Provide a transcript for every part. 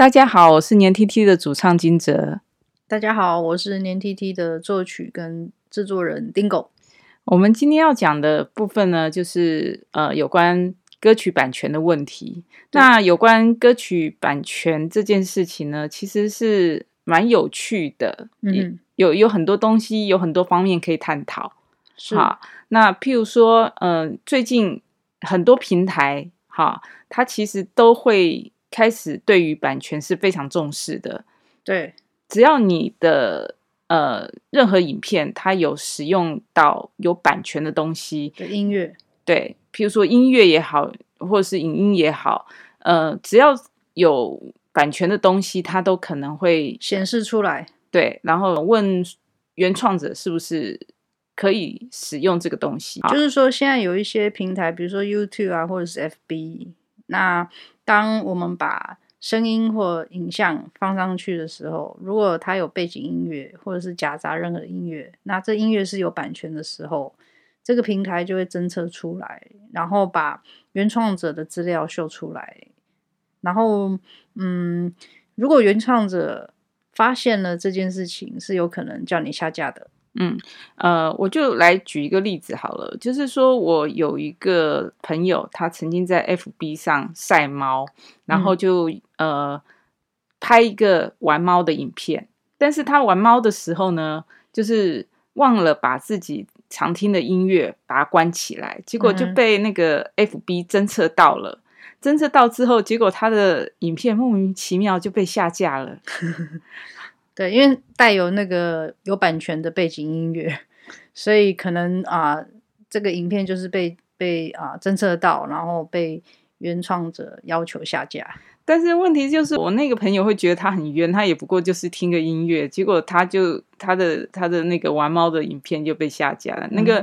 大家好，我是黏 T T 的主唱驚蟄。大家好，我是黏 T T 的作曲跟製作人 Dingo。我們今天要講的部分呢，就是、呃、有關歌曲版權的問題。對那有關歌曲版權這件事情呢，其實是蠻有趣的，嗯，嗯，有有很多東西，有很多方面可以探討。是好，那譬如說，呃、最近很多平台哈，它其實都會。開始對於版權是非常重視的，對，只要你的呃任何影片，它有使用到有版權的東西，的音樂對，譬如說音樂也好，或者是影音也好，呃，只要有版權的東西，它都可能會顯示出來，對，然後問原創者是不是可以使用這個東西，就是說現在有一些平台，比如說 YouTube 啊，或者是 FB，那。當我們把聲音或影像放上去的時候，如果它有背景音樂或者是夾雜任何音樂，那這音樂是有版權的時候，這個平台就會偵測出來，然後把原創者的資料秀出來，然後，嗯，如果原創者發現了這件事情，是有可能叫你下架的。嗯，呃，我就來舉一個例子好了，就是說我有一個朋友，他曾經在 FB 上曬貓，然後就、嗯、呃拍一個玩貓的影片，但是他玩貓的時候呢，就是忘了把自己常聽的音樂把它關起來，結果就被那個 FB 偵測到了，嗯、偵測到之後，結果他的影片莫名其妙就被下架了。 對，因為帶有那個有版權的背景音樂，所以可能啊、呃，這個影片就是被被啊、呃、偵測到，然後被原創者要求下架。但是問題就是，我那個朋友會覺得他很冤，他也不過就是聽個音樂，結果他就他的他的那個玩貓的影片就被下架了。嗯、那個，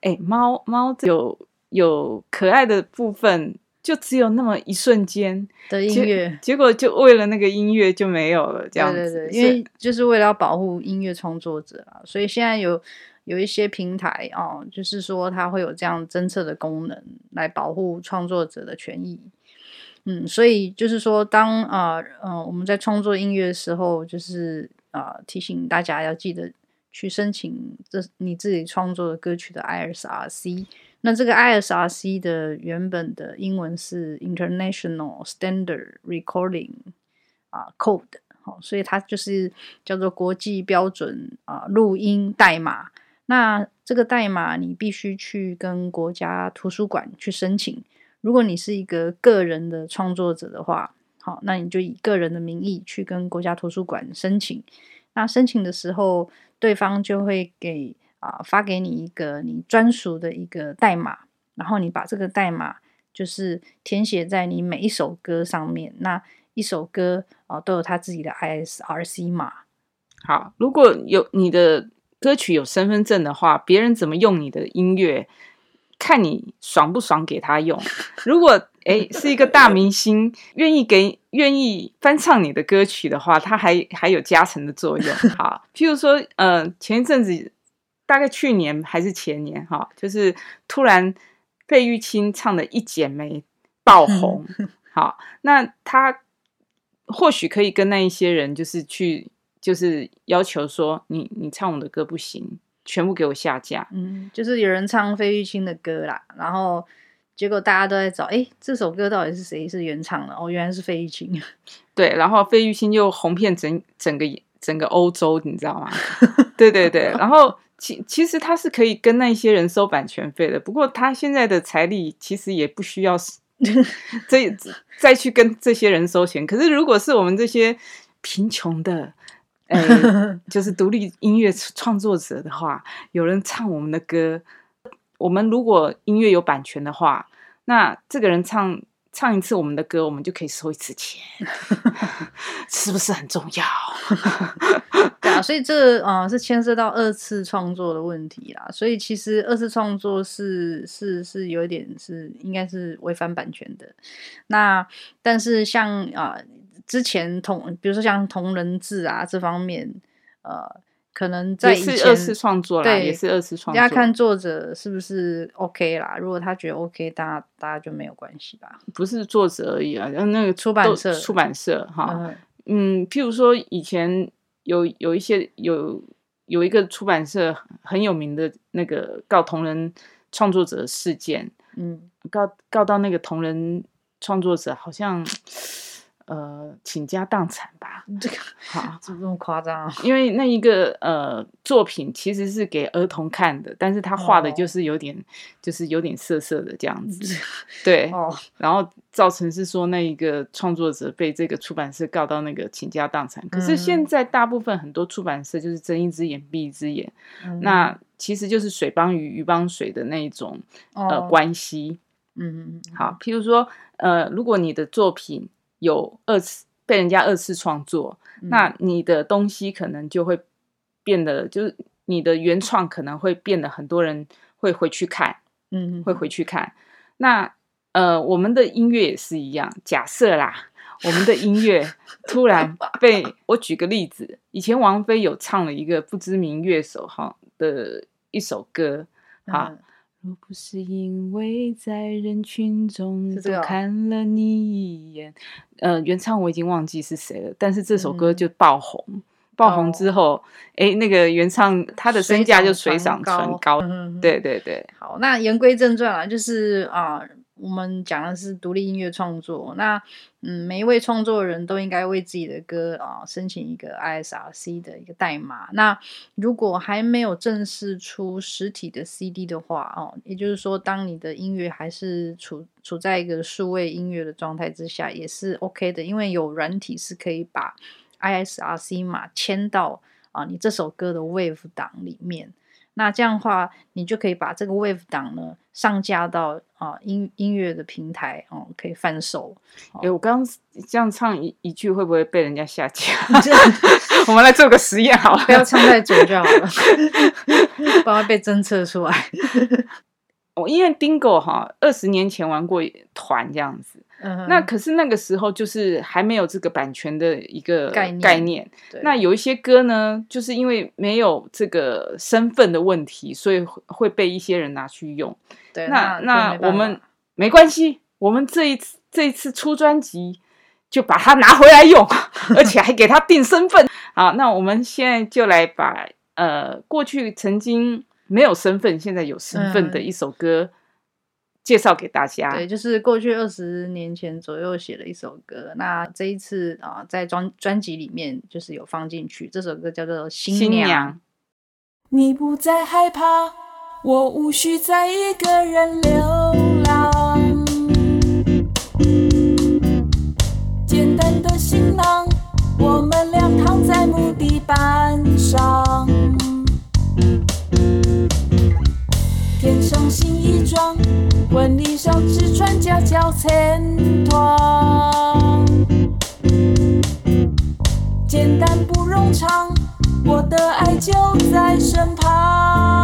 哎、欸，貓貓有有可愛的部分。就只有那麼一瞬間的音樂，結果就為了那個音樂就沒有了，這樣子。對對對，因為就是為了要保護音樂創作者啊，所以現在有有一些平台啊、呃，就是說它會有這樣偵測的功能來保護創作者的權益。嗯，所以就是說當，當啊呃，呃我們在創作音樂的時候，就是啊，呃，提醒大家要記得去申請這你自己創作的歌曲的 ISRC。那這個 ISRC 的原本的英文是 International Standard Recording 啊、uh, Code 好、哦，所以它就是叫做國際標準啊、呃、錄音代碼。那這個代碼你必須去跟國家圖書館去申請。如果你是一個個人的創作者的話，好、哦，那你就以個人的名義去跟國家圖書館申請。那申請的時候，對方就會給。啊，發給你一個你專屬的一個代碼，然後你把這個代碼就是填寫在你每一首歌上面。那一首歌哦、呃，都有他自己的 ISRC 碼。好，如果有你的歌曲有身份證的話，別人怎麼用你的音樂，看你爽不爽給他用。如果哎是一個大明星 願意給願意翻唱你的歌曲的話，他還還有加成的作用。好，譬如說，嗯、呃，前一陣子。大概去年還是前年，哈、哦，就是突然費玉清唱的《一剪梅》爆紅， 好，那他或許可以跟那一些人就是去，就是要求說你，你你唱我的歌不行，全部給我下架，嗯，就是有人唱費玉清的歌啦，然後結果大家都在找，哎，這首歌到底是誰是原唱的？哦，原來是費玉清，對，然後費玉清就紅遍整整個整個歐洲，你知道嗎？ 對對對， 然後。其其實他是可以跟那些人收版權費的，不過他現在的財力其實也不需要，這再去跟這些人收錢。可是如果是我們這些貧窮的，呃，就是獨立音樂創作者的話，有人唱我們的歌，我們如果音樂有版權的話，那這個人唱。唱一次我們的歌，我們就可以收一次錢， 是不是很重要？ 對啊，所以這啊、呃，是牽涉到二次創作的問題啦。所以其實二次創作是是是有一點是應該是違反版權的。那但是像啊、呃、之前同，比如說像同人志啊這方面呃。可能在也是二次創作啦，對也是二次創作。大家看作者是不是 OK 啦，如果他覺得 OK，大家大家就沒有關係吧。不是作者而已啊，那那個出版社，出版社哈，嗯，嗯，譬如說以前有有一些有有一個出版社很有名的那個告同人創作者事件，嗯，告告到那個同人創作者好像。呃，傾家蕩產吧、嗯，這個好，這麼誇張啊？因為那一個呃作品其實是給兒童看的，但是他畫的就是有點，哦、就是有點色色的這樣子，嗯、對，哦、然後造成是說那一個創作者被這個出版社告到那個傾家蕩產，可是現在大部分很多出版社就是睜一隻眼閉一隻眼，嗯、那其實就是水幫魚，魚幫水的那一種呃、哦、關係，嗯，嗯好，譬如說呃，如果你的作品。有二次被人家二次創作，嗯、那你的東西可能就會變得，就是你的原創可能會變得很多人會回去看，嗯，嗯，嗯，會回去看。那呃，我們的音樂也是一樣，假設啦，我們的音樂突然被 我舉個例子，以前王菲有唱了一個不知名樂手哈的一首歌，哈、嗯。啊不是因為在人群中多看了你一眼，呃，原唱我已經忘記是誰了，但是這首歌就爆紅，嗯、爆紅之後，哎、哦，那個原唱他的身價就水漲船高，嗯、對對對。好，那言歸正傳啊，就是啊。呃我們講的是獨立音樂創作，那嗯，每一位創作人都應該為自己的歌啊、哦、申請一個 ISRC 的一個代碼。那如果還沒有正式出實體的 CD 的話哦，也就是說，當你的音樂還是處處在一個數位音樂的狀態之下，也是 OK 的，因為有軟體是可以把 ISRC 碼簽到啊、哦、你這首歌的 wave 檔裡面。那這樣的話，你就可以把這個 wave 檔呢，上架到啊音音樂的平台哦、啊，可以販售。哎、欸，我剛，剛這樣唱一一句，會不會被人家下架？就 我們來做個實驗好了，不要唱太久就好了，不要 被偵測出來。我 因為、oh, Dingo 哈，二十年前玩過團這樣子。嗯、那可是那個時候就是還沒有這個版權的一個概念，概念對。那有一些歌呢，就是因為沒有這個身份的問題，所以會被一些人拿去用。對，啊、那對，那那我們沒，沒關係，我們這一次這一次出專輯就把它拿回來用， 而且還給它定身份好。那我們現在就來把呃過去曾經沒有身份，現在有身份的一首歌。嗯介紹給大家，對，就是過去二十年前左右寫了一首歌，那這一次啊、呃，在專專輯裡面就是有放進去，這首歌叫做《新娘新娘》。你不再害怕，我無需再一個人流浪。交交纏纏，教教簡單不冗長，我的愛就在身旁。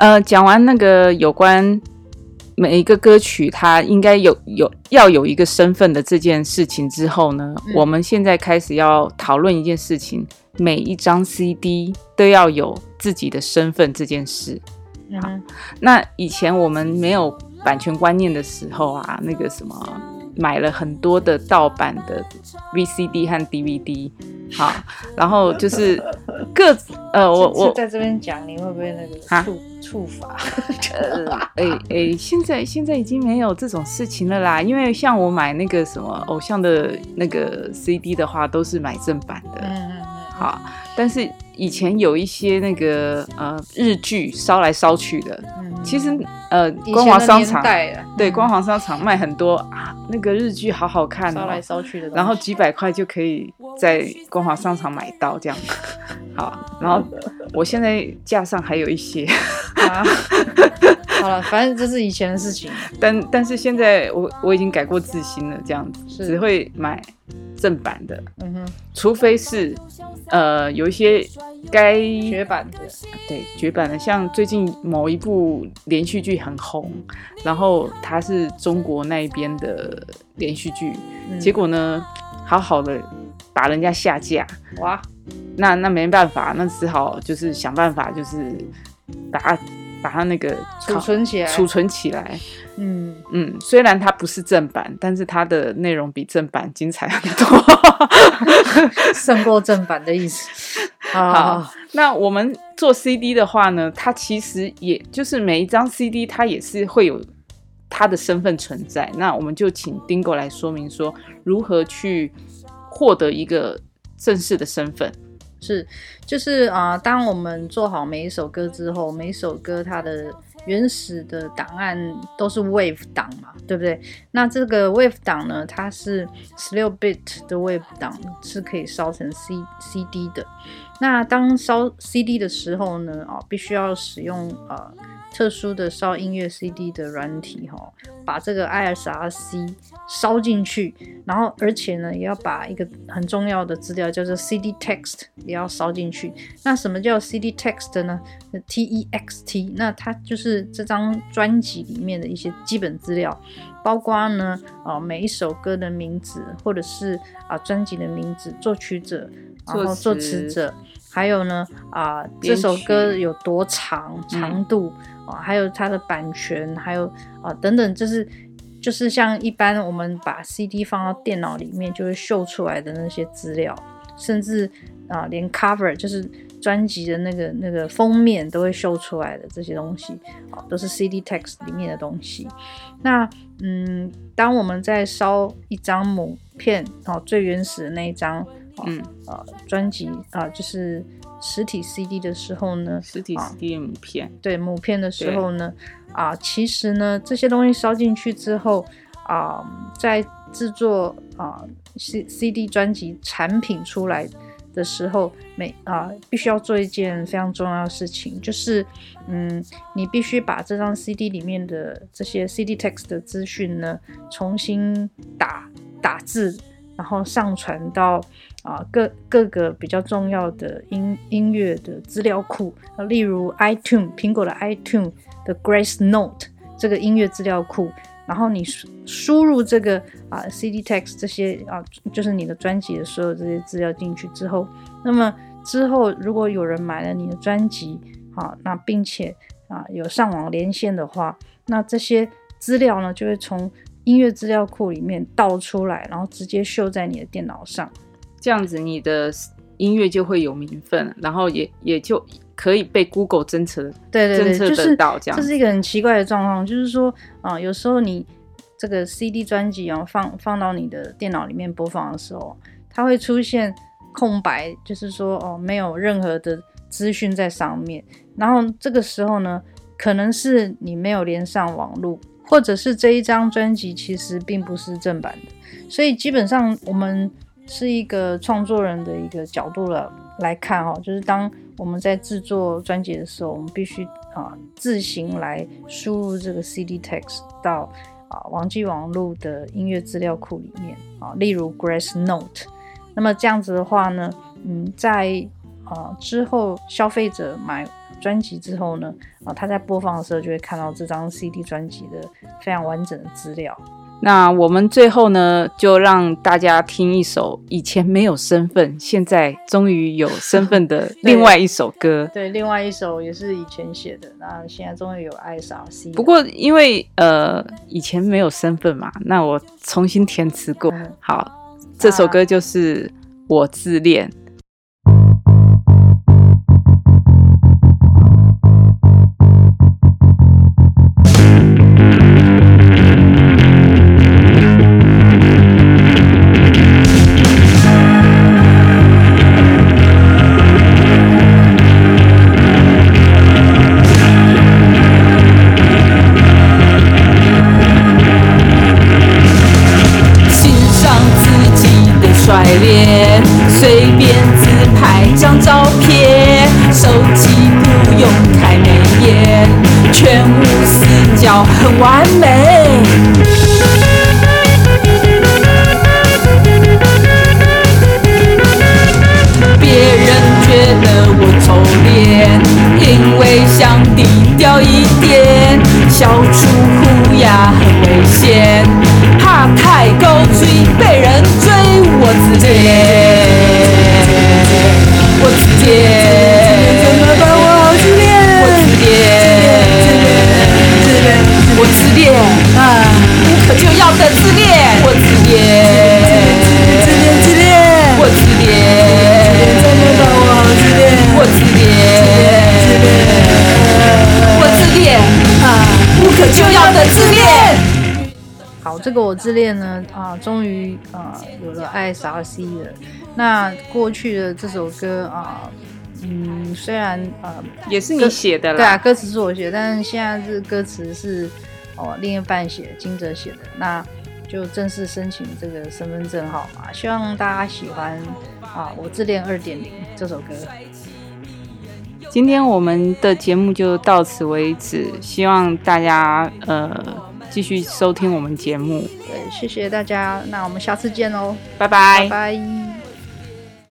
呃，講完那個有關每一個歌曲它應該有有要有一個身份的這件事情之後呢，嗯、我們現在開始要討論一件事情，每一張 CD 都要有自己的身份這件事。好、嗯啊，那以前我們沒有版權觀念的時候啊，那個什麼。買了很多的盜版的 VCD 和 DVD，好，然後就是各呃，我我在這邊講，你會不會那個觸觸法？真的嗎？呃，哎哎，現在現在已經沒有這種事情了啦，因為像我買那個什麼偶像的那個 CD 的話，都是買正版的，嗯嗯嗯，好，但是以前有一些那個呃日劇燒來燒去的。其實，呃，的是啊，光華商場對，光華商場賣很多啊，那個日劇好好看，燒來燒去的，然後幾百塊就可以在光華商場買到這樣的，好，然後我，的我現在架上還有一些。啊 好了，反正這是以前的事情。但但是現在我我已經改過自新了，這樣子是只會買正版的。嗯哼，除非是呃有一些該絕版的，對，絕版的，像最近某一部連續劇很紅，然後它是中國那邊的連續劇，嗯、結果呢，好好的把人家下架。哇，那那沒辦法，那只好就是想辦法，就是把它。把它那個儲存起來，儲存起來。嗯嗯，雖然它不是正版，但是它的內容比正版精彩很多， 勝過正版的意思。好，好，好，好，那我們做 CD 的話呢，它其實也就是每一張 CD，它也是會有它的身份存在。那我們就請 Dingo 來說明說，如何去獲得一個正式的身份。是，就是啊、呃，當我們做好每一首歌之後，每一首歌它的原始的檔案都是 wave 檔嘛，對不對？那這個 wave 檔呢，它是十六 bit 的 wave 檔，是可以燒成 C C D 的。那當燒 C D 的時候呢，啊、呃，必須要使用呃。特殊的燒音樂 CD 的軟體、喔，哈，把這個 ISRC 燒進去，然後而且呢，也要把一個很重要的資料叫做 CD text 也要燒進去。那什麼叫 CD text 呢？T E X T，那它就是這張專輯裡面的一些基本資料，包括呢，啊、呃，每一首歌的名字，或者是啊，呃、專輯的名字、作曲者，然後作詞者，詞還有呢，啊、呃，曲這首歌有多長，長度。嗯還有它的版權，還有啊、呃、等等，就是就是像一般我們把 CD 放到電腦裡面，就會秀出來的那些資料，甚至啊、呃、連 cover 就是專輯的那個那個封面都會秀出來的這些東西，啊、呃、都是 CD text 裡面的東西。那嗯，當我們在燒一張母片，哦、呃、最原始的那一張，呃、嗯啊專輯啊就是。實體 CD 的時候呢，實體 CD 母片，啊、對母片的時候呢，對啊，其實呢，這些東西燒進去之後，啊，在制作啊 C, CD 專輯產品出來的時候，每啊，必須要做一件非常重要的事情，就是，嗯，你必須把這張 CD 裡面的這些 CD text 的資訊呢，重新打打字。然後上傳到啊各各個比較重要的音音樂的資料庫，例如 iTunes 蘋果的 iTunes 的 Grace Note 這個音樂資料庫。然後你輸輸入這個啊 CD Text 這些啊就是你的專輯的所有這些資料進去之後，那麼之後如果有人買了你的專輯，好，啊，那並且啊有上網連線的話，那這些資料呢就會從，音樂資料庫裡面倒出來，然後直接秀在你的電腦上，這樣子你的音樂就會有名分，然後也也就可以被 Google 偵測。對對對，偵測得到這樣子就是這是一個很奇怪的狀況，就是說啊，有時候你這個 CD 專輯啊放放到你的電腦裡面播放的時候，它會出現空白，就是說哦，啊，沒有任何的資訊在上面。然後這個時候呢，可能是你沒有連上網絡。或者是這一張專輯其實並不是正版的，所以基本上我們是一個創作人的一個角度了來看哦，就是當我們在制作專輯的時候，我們必須啊自行來輸入這個 CD text 到啊網際網路的音樂資料庫裡面啊，例如 Gracenote。那麼這樣子的話呢，嗯，在啊之後消費者買，專輯之後呢，啊，他在播放的時候就會看到這張 CD 專輯的非常完整的資料。那我們最後呢，就讓大家聽一首以前沒有身份，現在終於有身份的另外一首歌 對。對，另外一首也是以前寫的，那現在終於有 ISRC。不過因為呃以前沒有身份嘛，那我重新填詞過。好，這首歌就是我自戀。啊我自戀呢啊、呃，終於啊、呃、有了 ISRC 了。那過去的這首歌啊、呃，嗯，雖然呃也是你寫的，了對啊，歌詞是我寫，但是現在這歌詞是哦、呃、另一半寫，驚蟄寫的。那就正式申請這個身份證號嘛，希望大家喜歡啊、呃，我自戀二點零這首歌。今天我們的節目就到此為止，希望大家呃。繼續收聽我們節目，對，謝謝大家，那我們下次見囉，拜拜 bye，拜。